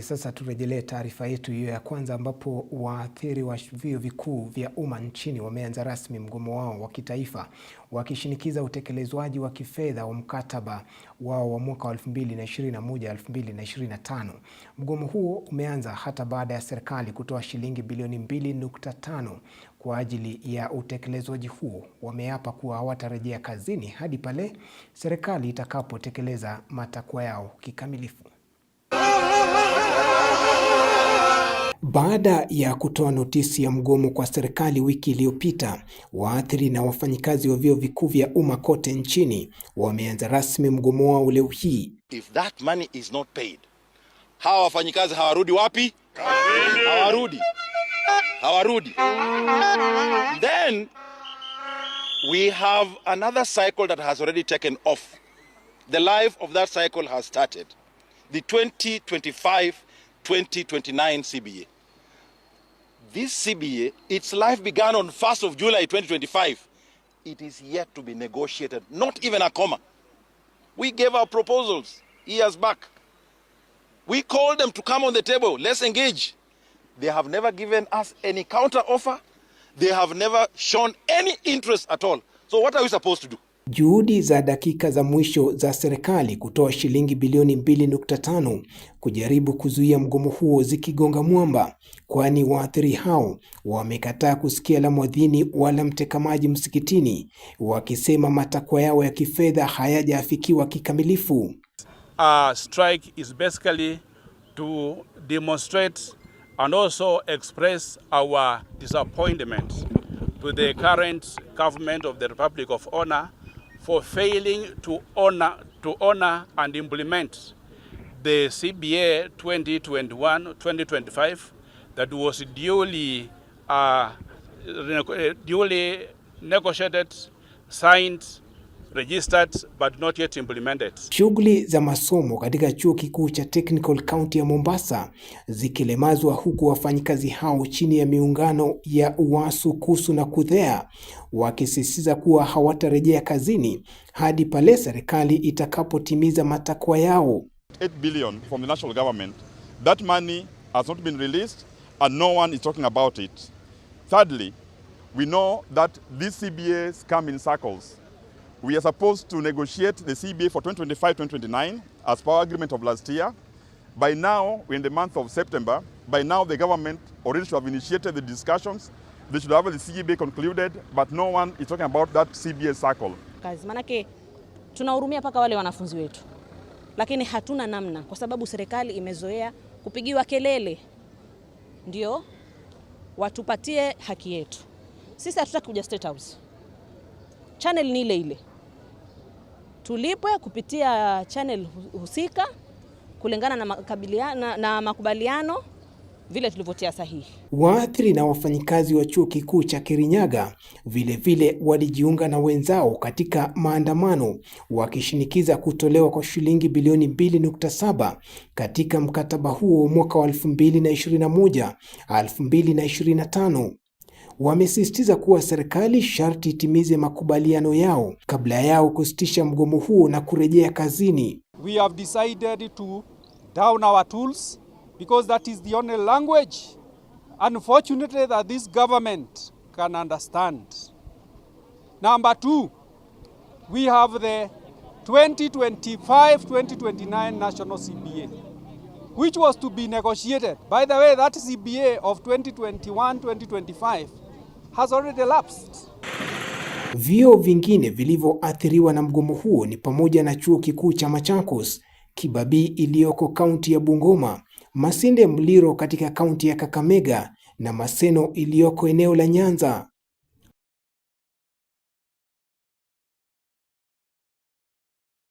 Sasa turejelee taarifa yetu hiyo ya kwanza ambapo waathiri wa vyuo vikuu vya umma nchini wameanza rasmi mgomo wao wa kitaifa wakishinikiza utekelezwaji wa kifedha wa mkataba wao wa mwaka 2021-2025. Mgomo huo umeanza hata baada ya serikali kutoa shilingi bilioni 2.5 kwa ajili ya utekelezwaji huo. Wameapa kuwa hawatarejea kazini hadi pale serikali itakapotekeleza matakwa yao kikamilifu. Baada ya kutoa notisi ya mgomo kwa serikali wiki iliyopita, waathiri na wafanyikazi wa vyuo vikuu vya umma kote nchini wameanza rasmi mgomo wao leo hii. If that money is not paid, hawa wafanyikazi hawarudi wapi? Hawarudi, hawarudi. Then we have another cycle that has already taken off. The life of that cycle has started. The 2025 2029 CBA. This CBA, its life began on 1st of July 2025. It is yet to be negotiated, not even a comma. We gave our proposals years back. We called them to come on the table. Let's engage. They have never given us any counter offer. They have never shown any interest at all. So, what are we supposed to do? Juhudi za dakika za mwisho za serikali kutoa shilingi bilioni 2.5 kujaribu kuzuia mgomo huo zikigonga mwamba, kwani waathiri hao wamekataa kusikia la mwadhini wala mteka-maji msikitini, wakisema matakwa yao ya kifedha hayajafikiwa kikamilifu. Uh, strike is basically to demonstrate and also express our disappointment to the current government of the Republic of Honor for failing to honor, to honor and implement the CBA 2021-2025 that was duly, uh, eh, duly negotiated, signed registered but not yet implemented. Shughuli za masomo katika chuo kikuu cha Technical County ya Mombasa zikilemazwa huku wafanyikazi hao chini ya miungano ya UWASU, KUSU na KUDHEA wakisisitiza kuwa hawatarejea kazini hadi pale serikali itakapotimiza matakwa yao. 8 billion from the national government. That money has not been released and no one is talking about it. Thirdly, we know that these CBAs come in circles. We are supposed to negotiate the CBA for 2025-2029 as per agreement of last year. By now, we're in the month of September, by now the government already should have initiated the discussions. They should have the CBA concluded, but no one is talking about that CBA circle. Kazi manake tunahurumia mpaka wale wanafunzi wetu, lakini hatuna namna, kwa sababu serikali imezoea kupigiwa kelele ndio watupatie haki yetu. Sisi hatutaki kuja State House, channel ni ile ile tulipwe kupitia channel husika kulingana na makabiliano na makubaliano vile tulivyotia sahihi. Waathiri na wafanyikazi wa Chuo Kikuu cha Kirinyaga vilevile walijiunga na wenzao katika maandamano wakishinikiza kutolewa kwa shilingi bilioni 2.7 katika mkataba huo mwaka wa 2021 2025 wamesisitiza kuwa serikali sharti itimize makubaliano yao kabla yao kusitisha mgomo huo na kurejea kazini. We have decided to down our tools because that is the only language unfortunately that this government can understand. Number two, we have the 2025-2029 national CBA which was to be negotiated. By the way, that CBA of 2021-2025 has already elapsed. Vyuo vingine vilivyoathiriwa na mgomo huo ni pamoja na Chuo Kikuu cha Machakos, Kibabii iliyoko kaunti ya Bungoma, Masinde Muliro katika kaunti ya Kakamega na Maseno iliyoko eneo la Nyanza.